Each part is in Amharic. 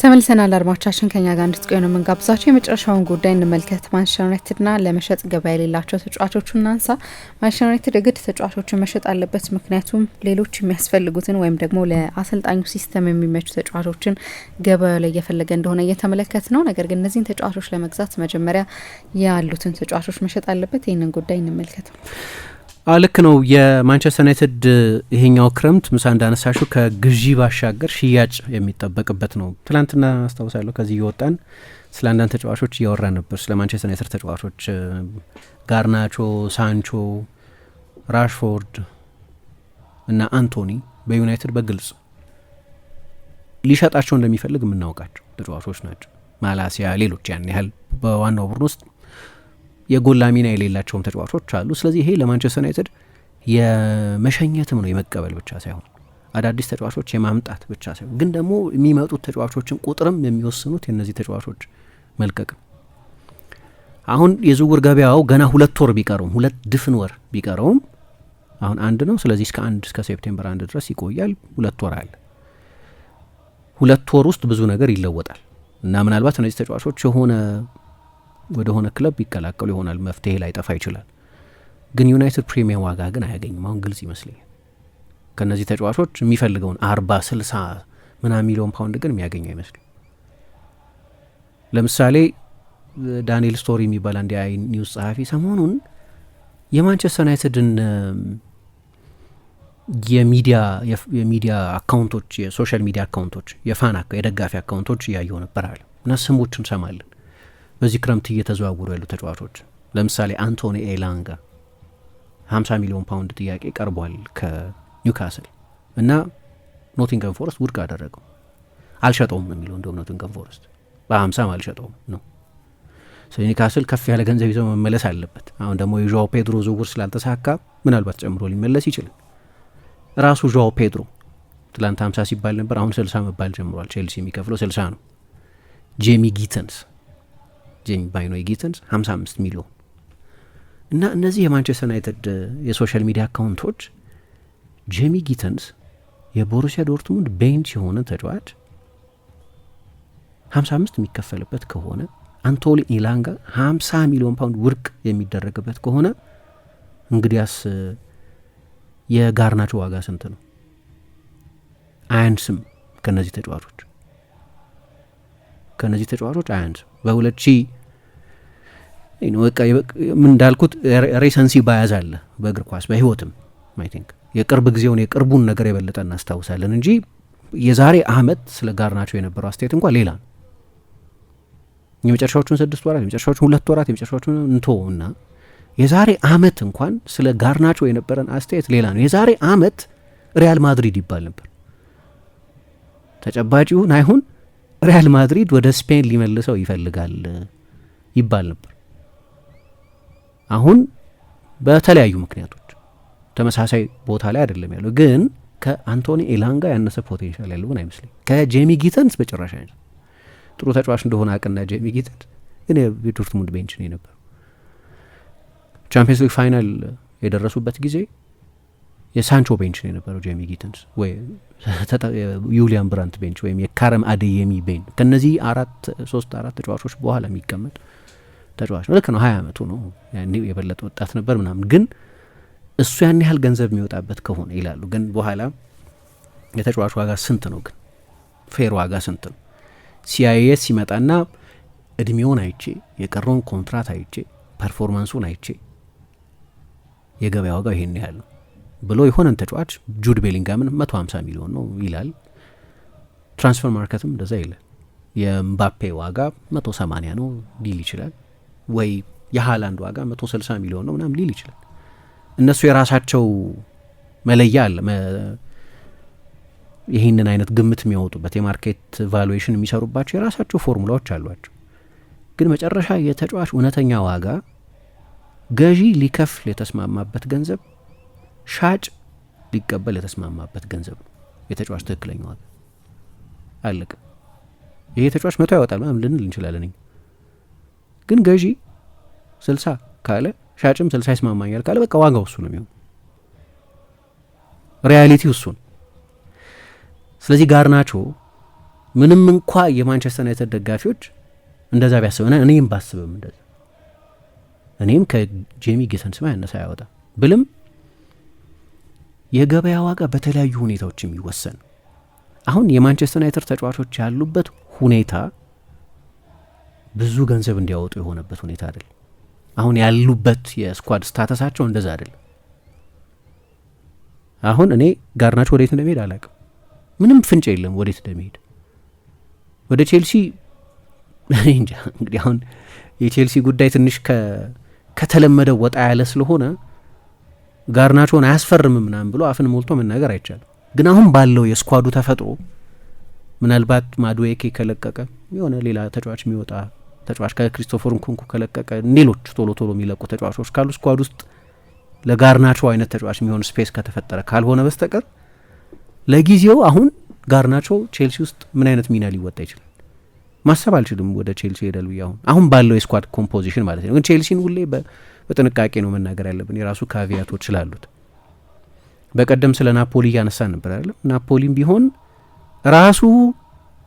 ተመልሰናል አድማቻችን ከኛ ጋር እንድትቆዩ ነው የምንጋብዛቸው። የመጨረሻውን ጉዳይ እንመልከት። ማንቸስተር ዩናይትድና ለመሸጥ ገበያ የሌላቸው ተጫዋቾቹ እናንሳ። ማንቸስተር ዩናይትድ እግድ ተጫዋቾችን መሸጥ አለበት፣ ምክንያቱም ሌሎች የሚያስፈልጉትን ወይም ደግሞ ለአሰልጣኙ ሲስተም የሚመቹ ተጫዋቾችን ገበያ ላይ እየፈለገ እንደሆነ እየተመለከት ነው። ነገር ግን እነዚህን ተጫዋቾች ለመግዛት መጀመሪያ ያሉትን ተጫዋቾች መሸጥ አለበት። ይህንን ጉዳይ እንመልከት። ልክ ነው። የማንቸስተር ዩናይትድ ይሄኛው ክረምት ምሳ እንዳነሳሹ ከግዢ ባሻገር ሽያጭ የሚጠበቅበት ነው። ትላንትና አስታውሳለሁ ከዚህ እየወጣን ስለ አንዳንድ ተጫዋቾች እያወራ ነበር። ስለ ማንቸስተር ዩናይትድ ተጫዋቾች ጋርናቾ፣ ሳንቾ፣ ራሽፎርድ እና አንቶኒ በዩናይትድ በግልጽ ሊሸጣቸው እንደሚፈልግ የምናውቃቸው ተጫዋቾች ናቸው። ማላሲያ፣ ሌሎች ያን ያህል በዋናው ቡድን ውስጥ የጎላ ሚና የሌላቸውም ተጫዋቾች አሉ። ስለዚህ ይሄ ለማንቸስተር ዩናይትድ የመሸኘትም ነው የመቀበል ብቻ ሳይሆን አዳዲስ ተጫዋቾች የማምጣት ብቻ ሳይሆን ግን ደግሞ የሚመጡት ተጫዋቾችን ቁጥርም የሚወስኑት የእነዚህ ተጫዋቾች መልቀቅ ነው። አሁን የዝውውር ገበያው ገና ሁለት ወር ቢቀረውም ሁለት ድፍን ወር ቢቀረውም አሁን አንድ ነው። ስለዚህ እስከ አንድ እስከ ሴፕቴምበር አንድ ድረስ ይቆያል። ሁለት ወር አለ። ሁለት ወር ውስጥ ብዙ ነገር ይለወጣል እና ምናልባት እነዚህ ተጫዋቾች የሆነ ወደሆነ ክለብ ይቀላቀሉ ይሆናል መፍትሄ ላይጠፋ ይችላል። ግን ዩናይትድ ፕሪሚየም ዋጋ ግን አያገኝም። አሁን ግልጽ ይመስለኛል። ከእነዚህ ተጫዋቾች የሚፈልገውን አርባ ስልሳ ምናምን ሚሊዮን ፓውንድ ግን የሚያገኙ አይመስልም። ለምሳሌ ዳንኤል ስቶሪ የሚባል አንድ የአይ ኒውስ ጸሐፊ ሰሞኑን የማንቸስተር ዩናይትድን የሚዲያ የሚዲያ አካውንቶች የሶሻል ሚዲያ አካውንቶች የፋን የደጋፊ አካውንቶች እያየው ነበር አለ እና ስሞች ሰማለን። በዚህ ክረምት እየተዘዋወሩ ያሉ ተጫዋቾች ለምሳሌ አንቶኒ ኤላንጋ 50 ሚሊዮን ፓውንድ ጥያቄ ቀርቧል ከኒውካስል እና ኖቲንገም ፎረስት ውድቅ አደረገው። አልሸጠውም የሚለው እንደውም ኖቲንገም ፎረስት በ50 አልሸጠውም ነው። ስለዚህ ኒውካስል ከፍ ያለ ገንዘብ ይዘው መመለስ አለበት። አሁን ደግሞ የዣኦ ፔድሮ ዝውውር ስላልተሳካ ምናልባት ጨምሮ ሊመለስ ይችላል። ራሱ ዣኦ ፔድሮ ትላንት 50 ሲባል ነበር፣ አሁን 60 መባል ጀምሯል። ቼልሲ የሚከፍለው 60 ነው። ጄሚ ጊተንስ ጄሚ ባይኖይ ጊትንስ 55 ሚሊዮን እና እነዚህ የማንቸስተር ዩናይትድ የሶሻል ሚዲያ አካውንቶች ጄሚ ጊተንስ የቦሩሲያ ዶርትሙንድ ቤንች የሆነ ተጫዋች 55 የሚከፈልበት ከሆነ አንቶኒ ኢላንጋ 50 ሚሊዮን ፓውንድ ውድቅ የሚደረግበት ከሆነ እንግዲያስ የጋርናቸው ዋጋ ስንት ነው? አያንስም ከእነዚህ ተጫዋቾች ከእነዚህ ተጫዋቾች አያንስ በሁለት ምን እንዳልኩት ሬሰንሲ ባያዝ አለ በእግር ኳስ በህይወትም አይ ቲንክ የቅርብ ጊዜውን የቅርቡን ነገር የበለጠ እናስታውሳለን እንጂ የዛሬ አመት ስለ ጋርናቾ የነበረው አስተያየት እንኳን ሌላ ነው። የመጨረሻዎቹን ስድስት ወራት፣ የመጨረሻዎቹን ሁለት ወራት፣ የመጨረሻዎቹን እንቶ እና የዛሬ አመት እንኳን ስለ ናቸው የነበረን አስተያየት ሌላ ነው። የዛሬ አመት ሪያል ማድሪድ ይባል ነበር። ተጨባጭውን አይሁን ሪያል ማድሪድ ወደ ስፔን ሊመልሰው ይፈልጋል ይባል ነበር። አሁን በተለያዩ ምክንያቶች ተመሳሳይ ቦታ ላይ አይደለም ያለው፣ ግን ከአንቶኒ ኤላንጋ ያነሰ ፖቴንሻል ያለውን አይመስለኝ። ከጄሚ ጊተንስ በጭራሽ አይነት ጥሩ ተጫዋች እንደሆነ አቅና ጄሚ ጊተንስ ግን የዶርትሙንድ ቤንች ነው የነበረው ቻምፒየንስ ሊግ ፋይናል የደረሱበት ጊዜ የሳንቾ ቤንች ነው የነበረው ጄሚ ጊትንስ ወይ ዩሊያን ብራንት ቤንች ወይም የካረም አደየሚ ቤን ከነዚህ አራት ሶስት አራት ተጫዋቾች በኋላ የሚቀመጥ ተጫዋች ነው። ልክ ነው፣ ሀያ አመቱ ነው። ያኔ የበለጠ ወጣት ነበር ምናምን፣ ግን እሱ ያን ያህል ገንዘብ የሚወጣበት ከሆነ ይላሉ። ግን በኋላ የተጫዋች ዋጋ ስንት ነው? ግን ፌር ዋጋ ስንት ነው? ሲአይኤስ ሲመጣና እድሜውን አይቼ የቀረውን ኮንትራት አይቼ ፐርፎርማንሱን አይቼ የገበያ ዋጋው ይሄን ያህል ነው ብሎ የሆነን ተጫዋች ጁድ ቤሊንጋምን 150 ሚሊዮን ነው ይላል። ትራንስፈር ማርከትም እንደዛ ይላል። የምባፔ ዋጋ 180 ነው ሊል ይችላል፣ ወይ የሃላንድ ዋጋ 160 ሚሊዮን ነው ምናም ሊል ይችላል። እነሱ የራሳቸው መለያ አለ፣ ይህንን አይነት ግምት የሚያወጡበት የማርኬት ቫሉዌሽን የሚሰሩባቸው የራሳቸው ፎርሙላዎች አሏቸው። ግን መጨረሻ የተጫዋች እውነተኛ ዋጋ ገዢ ሊከፍል የተስማማበት ገንዘብ ሻጭ ሊቀበል የተስማማበት ገንዘብ ነው የተጫዋች ትክክለኛ ዋጋ። አለቀ ይሄ የተጫዋች መቶ ያወጣል ምናምን ልንል እንችላለን። ግን ገዢ ስልሳ ካለ ሻጭም ስልሳ ይስማማኛል ካለ በቃ ዋጋው እሱ ነው የሚሆነው። ሪያሊቲ እሱ ነው። ስለዚህ ጋርናቾ ምንም እንኳ የማንቸስተር ዩናይትድ ደጋፊዎች እንደዛ ቢያስብና እኔም ባስብም እንደዛ እኔም ከጄሚ ጌተን ስማ ያነሳ ያወጣ ብልም የገበያ ዋጋ በተለያዩ ሁኔታዎች የሚወሰን አሁን የማንቸስተር ዩናይትድ ተጫዋቾች ያሉበት ሁኔታ ብዙ ገንዘብ እንዲያወጡ የሆነበት ሁኔታ አይደለም። አሁን ያሉበት የስኳድ ስታተሳቸው እንደዛ አይደለም። አሁን እኔ ጋርናቸው ወዴት እንደሚሄድ አላቅም። ምንም ፍንጭ የለም ወዴት እንደሚሄድ። ወደ ቼልሲ እንግዲህ አሁን የቼልሲ ጉዳይ ትንሽ ከተለመደው ወጣ ያለ ስለሆነ ጋርናቾን አያስፈርምም ምናምን ብሎ አፍን ሞልቶ መናገር አይቻልም። ግን አሁን ባለው የስኳዱ ተፈጥሮ ምናልባት ማዱዌኬ ከለቀቀ የሆነ ሌላ ተጫዋች የሚወጣ ተጫዋች ከክሪስቶፈር ንኩንኩ ከለቀቀ ሌሎች ቶሎ ቶሎ የሚለቁ ተጫዋቾች ካሉ ስኳድ ውስጥ ለጋርናቾ አይነት ተጫዋች የሚሆን ስፔስ ከተፈጠረ ካልሆነ በስተቀር ለጊዜው አሁን ጋርናቾ ቼልሲ ውስጥ ምን አይነት ሚና ሊወጣ ይችላል ማሰብ አልችልም። ወደ ቼልሲ ሄዳል ብዬ አሁን አሁን ባለው የስኳድ ኮምፖዚሽን ማለት ነው። ግን ቼልሲን ሁሌ በጥንቃቄ ነው መናገር ያለብን። የራሱ ካቪያቶች ስላሉት በቀደም ስለ ናፖሊ እያነሳ ነበር አይደለም። ናፖሊም ቢሆን ራሱ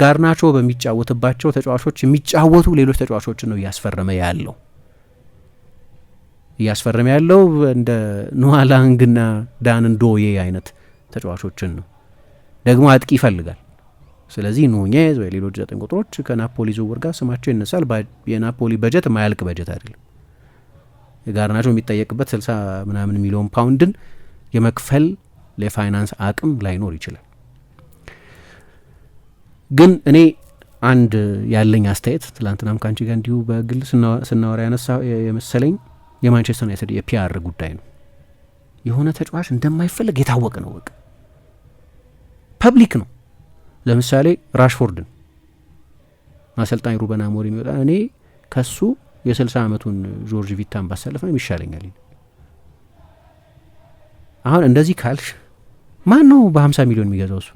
ጋርናቾ በሚጫወትባቸው ተጫዋቾች የሚጫወቱ ሌሎች ተጫዋቾችን ነው እያስፈረመ ያለው እያስፈረመ ያለው እንደ ኑዋላንግና ዳንን ዶዬ አይነት ተጫዋቾችን ነው። ደግሞ አጥቂ ይፈልጋል። ስለዚህ ኑኜዝ ወይ ሌሎች ዘጠኝ ቁጥሮች ከናፖሊ ዝውውር ጋር ስማቸው ይነሳል። የናፖሊ በጀት ማያልቅ በጀት አይደለም። ጋርናቾ የሚጠየቅበት ስልሳ ምናምን ሚሊዮን ፓውንድን የመክፈል ለፋይናንስ አቅም ላይኖር ይችላል። ግን እኔ አንድ ያለኝ አስተያየት ትላንትናም ከአንቺ ጋር እንዲሁ በግል ስናወራ ያነሳ የመሰለኝ የማንቸስተር ዩናይትድ የፒአር ጉዳይ ነው። የሆነ ተጫዋች እንደማይፈለግ የታወቀ ነው። በቃ ፐብሊክ ነው። ለምሳሌ ራሽፎርድን አሰልጣኝ ሩበን አሞሪም ይወጣል እኔ ከሱ የስልሳ ዓመቱን ጆርጅ ቪታን ባሳለፍ ነው ይሻለኛል። አሁን እንደዚህ ካልሽ ማን ነው በሀምሳ ሚሊዮን የሚገዛው? እሱ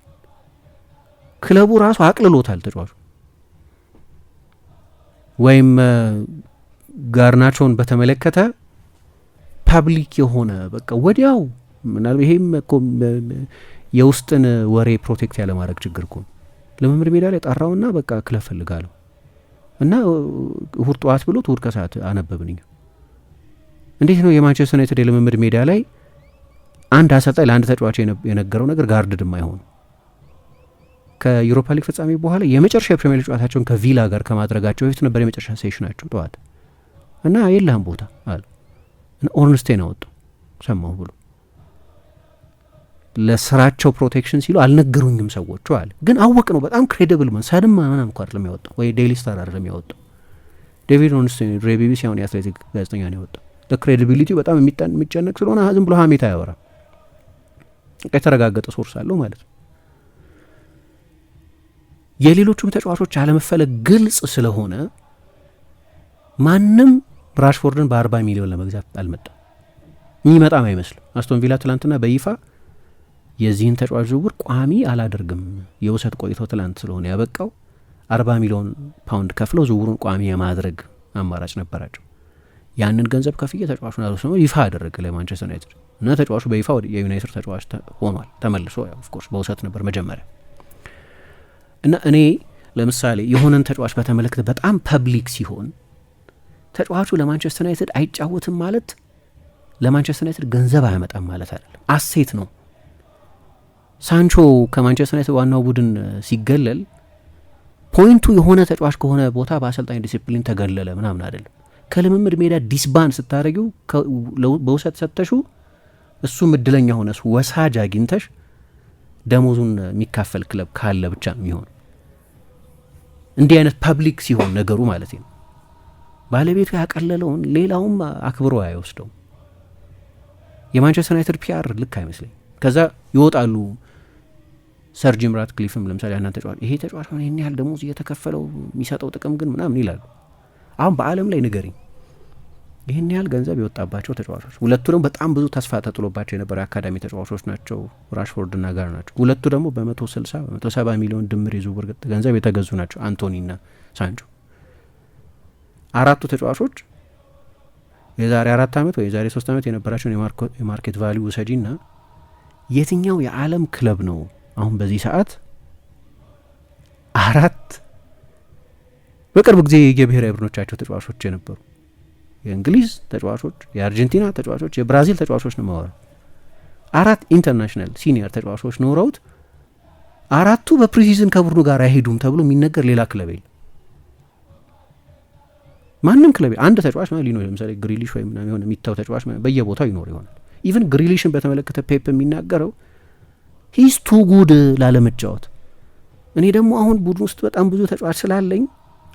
ክለቡ ራሱ አቅልሎታል ተጫዋቹ ወይም ጋርናቸውን በተመለከተ ፐብሊክ የሆነ በቃ ወዲያው ምናልባት ይሄም እኮ የውስጥን ወሬ ፕሮቴክት ያለማድረግ ችግር እኮ ልምምድ ሜዳ ላይ ጠራውና በቃ ክለብ ፈልጋለሁ እና እሁድ ጠዋት ብሎ እሁድ ከሰዓት አነበብንኝ። እንዴት ነው የማንቸስተር ዩናይትድ የልምምድ ሜዳ ላይ አንድ አሰልጣኝ ለአንድ ተጫዋች የነገረው ነገር ጋርድድ የማይሆኑ ከዩሮፓ ሊግ ፍጻሜ በኋላ የመጨረሻ የፕሪሚየር ሊግ ጨዋታቸውን ከቪላ ጋር ከማድረጋቸው በፊት ነበር የመጨረሻ ሴሽናቸው ጠዋት እና የለህም ቦታ አለ። ኦርንስቴን አወጡ ሰማሁ ብሎ ለስራቸው ፕሮቴክሽን ሲሉ አልነገሩኝም ሰዎቹ አለ። ግን አወቅ ነው በጣም ክሬዲብል መን ሳድማ ምናምን እኮ አይደለም ያወጣው ወይ ዴይሊ ስታር አይደለም ያወጣው ዴቪድ ኦንስቲን ሬቢቢስ ቢቢሲ የአትሌቲክ ጋዜጠኛ ነው ያወጣው። ለክሬዲቢሊቲ በጣም የሚጨነቅ ስለሆነ ዝም ብሎ ሀሜት አያወራም። የተረጋገጠ ሶርስ አለው ማለት ነው። የሌሎቹም ተጫዋቾች አለመፈለግ ግልጽ ስለሆነ ማንም ራሽፎርድን በአርባ ሚሊዮን ለመግዛት አልመጣም። የሚመጣም አይመስልም። አስቶን ቪላ ትላንትና በይፋ የዚህን ተጫዋች ዝውውር ቋሚ አላደርግም፣ የውሰት ቆይቶ ትላንት ስለሆነ ያበቃው አርባ ሚሊዮን ፓውንድ ከፍለው ዝውውሩን ቋሚ የማድረግ አማራጭ ነበራቸው። ያንን ገንዘብ ከፍዬ ተጫዋቹን አልወስነው ይፋ አደረገ ለማንቸስተር ዩናይትድ እና ተጫዋቹ በይፋ የዩናይትድ ተጫዋች ሆኗል ተመልሶ። ኦፍኮርስ በውሰት ነበር መጀመሪያ እና እኔ ለምሳሌ የሆነን ተጫዋች በተመለከተ በጣም ፐብሊክ ሲሆን ተጫዋቹ ለማንቸስተር ዩናይትድ አይጫወትም ማለት ለማንቸስተር ዩናይትድ ገንዘብ አያመጣም ማለት አይደለም። አሴት ነው ሳንቾ ከማንቸስተር ዩናይትድ ዋናው ቡድን ሲገለል ፖይንቱ የሆነ ተጫዋች ከሆነ ቦታ በአሰልጣኝ ዲሲፕሊን ተገለለ ምናምን አይደለም። ከልምምድ ሜዳ ዲስባን ስታደረጊው በውሰት ሰተሹ እሱም እድለኛ ሆነ ወሳጅ አግኝተሽ ደሞዙን የሚካፈል ክለብ ካለ ብቻ የሚሆን። እንዲህ አይነት ፐብሊክ ሲሆን ነገሩ ማለት ነው። ባለቤቱ ያቀለለውን ሌላውም አክብሮ አይወስደውም። የማንቸስተር ዩናይትድ ፒአር ልክ አይመስለኝ። ከዛ ይወጣሉ ሰር ጂም ራትክሊፍም ለምሳሌ አንዳንድ ተጫዋች ይሄ ተጫዋች ሆነ ይህን ያህል ደሞዝ እየተከፈለው የሚሰጠው ጥቅም ግን ምናምን ይላሉ። አሁን በዓለም ላይ ንገሪኝ ይህን ያህል ገንዘብ የወጣባቸው ተጫዋቾች ሁለቱ ደግሞ በጣም ብዙ ተስፋ ተጥሎባቸው የነበረ አካዳሚ ተጫዋቾች ናቸው፣ ራሽፎርድና ጋር ናቸው። ሁለቱ ደግሞ በመቶ ስልሳ በመቶ ሰባ ሚሊዮን ድምር የዝውውር ገንዘብ የተገዙ ናቸው፣ አንቶኒና ሳንቾ። አራቱ ተጫዋቾች የዛሬ አራት ዓመት ወይ የዛሬ ሶስት ዓመት የነበራቸውን የማርኬት ቫሊዩ ውሰጂና የትኛው የዓለም ክለብ ነው አሁን በዚህ ሰዓት አራት በቅርብ ጊዜ የብሔራዊ ቡድኖቻቸው ተጫዋቾች የነበሩ የእንግሊዝ ተጫዋቾች፣ የአርጀንቲና ተጫዋቾች፣ የብራዚል ተጫዋቾች ነው ማወራ አራት ኢንተርናሽናል ሲኒየር ተጫዋቾች ኖረውት አራቱ በፕሪሲዝን ከቡድኑ ጋር አይሄዱም ተብሎ የሚነገር ሌላ ክለብ የለም። ማንም ክለብ አንድ ተጫዋች ሊኖር ለምሳሌ ግሪሊሽ ወይም ምናምን የሆነ የሚታው ተጫዋች በየቦታው ይኖር ይሆናል። ኢቨን ግሪሊሽን በተመለከተ ፔፕ የሚናገረው ሂስ ቱ ጉድ ላለመጫወት። እኔ ደግሞ አሁን ቡድን ውስጥ በጣም ብዙ ተጫዋች ስላለኝ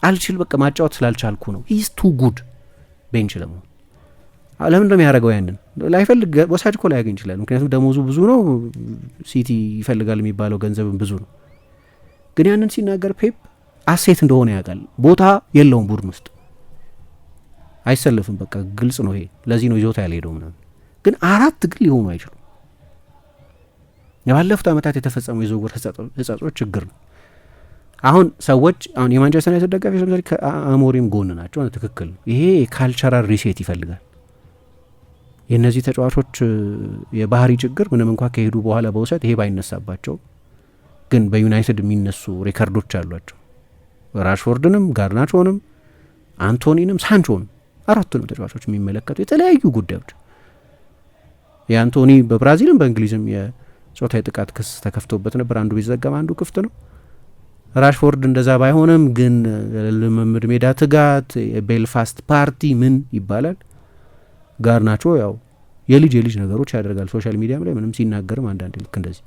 አልችል በቃ ማጫወት ስላልቻልኩ ነው። ሂስ ቱ ጉድ ቤንች ለመሆን። ለምን ነው ያደረገው ያንን ላይፈልግ ወሳጅ ኮ ላያገኝ ይችላል። ምክንያቱም ደሞዙ ብዙ ነው፣ ሲቲ ይፈልጋል የሚባለው ገንዘብም ብዙ ነው። ግን ያንን ሲናገር ፔፕ አሴት እንደሆነ ያውቃል። ቦታ የለውም ቡድን ውስጥ አይሰልፍም። በቃ ግልጽ ነው ይሄ። ለዚህ ነው ይዞታ ያልሄደው ምናምን። ግን አራት ግን ሊሆኑ አይችሉም። የባለፉት ዓመታት የተፈጸሙ የዝውውር ህጸጾች ችግር ነው። አሁን ሰዎች አሁን የማንቸስተር ዩናይትድ ደጋፊዎች ለምሳሌ ከአሞሪም ጎን ናቸው። ትክክል ነው። ይሄ የካልቸራል ሪሴት ይፈልጋል። የእነዚህ ተጫዋቾች የባህሪ ችግር ምንም እንኳ ከሄዱ በኋላ በውሰት ይሄ ባይነሳባቸው ግን በዩናይትድ የሚነሱ ሬከርዶች አሏቸው። ራሽፎርድንም ጋርናቾንም አንቶኒንም ሳንቾንም አራቱንም ተጫዋቾች የሚመለከቱ የተለያዩ ጉዳዮች የአንቶኒ በብራዚልም በእንግሊዝም ጾታ የጥቃት ክስ ተከፍቶበት ነበር። አንዱ ቢዘጋም አንዱ ክፍት ነው። ራሽፎርድ እንደዛ ባይሆንም ግን ልምምድ ሜዳ ትጋት፣ የቤልፋስት ፓርቲ ምን ይባላል ጋርናቾ ያው የልጅ የልጅ ነገሮች ያደርጋል። ሶሻል ሚዲያም ላይ ምንም ሲናገርም አንዳንድ ልክ እንደዚህ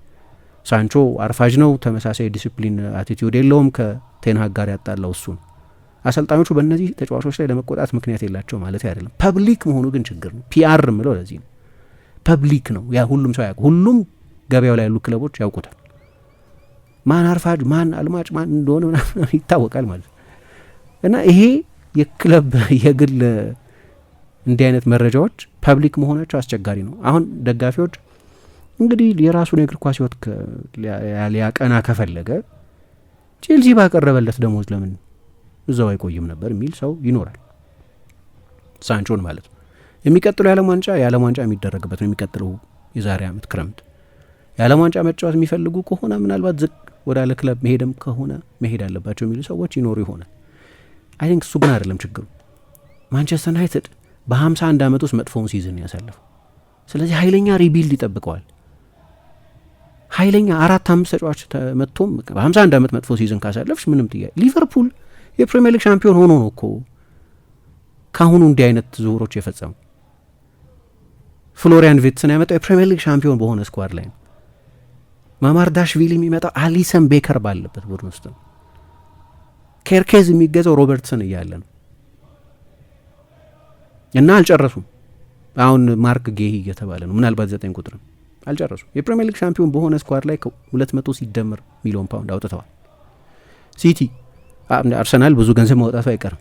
ሳንቾ አርፋጅ ነው። ተመሳሳይ ዲሲፕሊን አቲቲዩድ የለውም። ከቴንሃግ ጋር ያጣላው እሱ ነው። አሰልጣኞቹ በእነዚህ ተጫዋቾች ላይ ለመቆጣት ምክንያት የላቸው ማለት አይደለም። ፐብሊክ መሆኑ ግን ችግር ነው። ፒአር ምለው ለዚህ ነው። ፐብሊክ ነው ያ ሁሉም ሰው ሁሉም ገበያው ላይ ያሉ ክለቦች ያውቁታል። ማን አርፋጅ፣ ማን አልማጭ፣ ማን እንደሆነ ምናምን ይታወቃል ማለት ነው እና ይሄ የክለብ የግል እንዲህ አይነት መረጃዎች ፐብሊክ መሆናቸው አስቸጋሪ ነው። አሁን ደጋፊዎች እንግዲህ የራሱን የእግር ኳስ ህይወት ሊያቀና ከፈለገ ቼልሲ ባቀረበለት ደሞዝ ለምን እዛው አይቆይም ነበር የሚል ሰው ይኖራል። ሳንቾን ማለት ነው። የሚቀጥለው የዓለም ዋንጫ የዓለም ዋንጫ የሚደረግበት ነው። የሚቀጥለው የዛሬ ዓመት ክረምት የዓለም ዋንጫ መጫወት የሚፈልጉ ከሆነ ምናልባት ዝቅ ወዳለ ክለብ መሄድም ከሆነ መሄድ አለባቸው የሚሉ ሰዎች ይኖሩ ይሆናል። አይ ቲንክ እሱ ግን አይደለም ችግሩ። ማንቸስተር ዩናይትድ በ51 ዓመት ውስጥ መጥፎውን ሲዝን ያሳለፈው፣ ስለዚህ ኃይለኛ ሪቢልድ ይጠብቀዋል። ኃይለኛ አራት አምስት ተጫዋች ተመቶም በ51 ዓመት መጥፎ ሲዝን ካሳለፍሽ ምንም ጥያቄ። ሊቨርፑል የፕሪሚየር ሊግ ሻምፒዮን ሆኖ ነው እኮ ካሁኑ እንዲህ አይነት ዝውውሮች የፈጸሙ። ፍሎሪያን ቪትስን ያመጣው የፕሪሚየር ሊግ ሻምፒዮን በሆነ ስኳድ ላይ ነው። ማማርዳሽቪሊ የሚመጣው አሊሰን ቤከር ባለበት ቡድን ውስጥ ነው። ኬርኬዝ የሚገዛው ሮበርትሰን እያለ ነው እና አልጨረሱም። አሁን ማርክ ጌሂ እየተባለ ነው። ምናልባት ዘጠኝ ቁጥር አልጨረሱም። የፕሪሚየር ሊግ ሻምፒዮን በሆነ ስኳድ ላይ ሁለት መቶ ሲደመር ሚሊዮን ፓውንድ አውጥተዋል። ሲቲ አርሰናል ብዙ ገንዘብ ማውጣቱ አይቀርም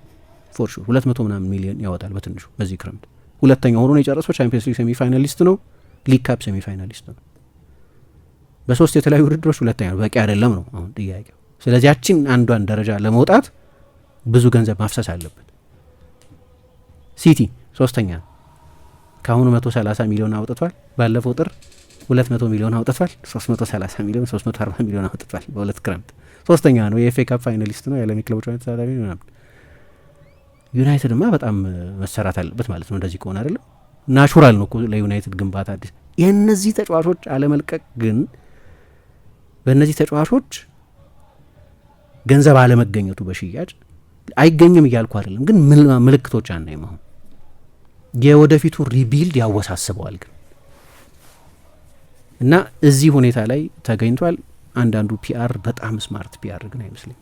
ፎር ሹር ሁለት መቶ ምናምን ሚሊዮን ያወጣል በትንሹ በዚህ ክረምት። ሁለተኛ ሆኖ ነው የጨረሰው። ቻምፒየንስ ሊግ ሴሚፋይናሊስት ነው። ሊግ ካፕ ሴሚፋይናሊስት ነው። በሶስት የተለያዩ ውድድሮች ሁለተኛ ነው በቂ አይደለም ነው አሁን ጥያቄው። ስለዚህ ያቺን አንዷን ደረጃ ለመውጣት ብዙ ገንዘብ ማፍሰስ አለብን። ሲቲ ሶስተኛ ከአሁኑ መቶ ሰላሳ ሚሊዮን አውጥቷል። ባለፈው ጥር ሁለት መቶ ሚሊዮን አውጥቷል። ሶስት መቶ ሰላሳ ሚሊዮን ሶስት መቶ አርባ ሚሊዮን አውጥቷል በሁለት ክረምት። ሶስተኛ ነው። የኤፍ ኤ ካፕ ፋይናሊስት ነው። የዓለም ክለቦች ዋንጫ ተሳታፊ ነው ምናምን። ዩናይትድማ በጣም መሰራት አለበት ማለት ነው። እንደዚህ ከሆነ አይደለም ናቹራል ነው ለዩናይትድ ግንባታ አዲስ የእነዚህ ተጫዋቾች አለመልቀቅ ግን በእነዚህ ተጫዋቾች ገንዘብ አለመገኘቱ በሽያጭ አይገኝም እያልኩ አይደለም፣ ግን ምልክቶች አናይ መሆን የወደፊቱ ሪቢልድ ያወሳስበዋል ግን እና እዚህ ሁኔታ ላይ ተገኝቷል። አንዳንዱ ፒአር በጣም ስማርት ፒአር ግን አይመስለኝም።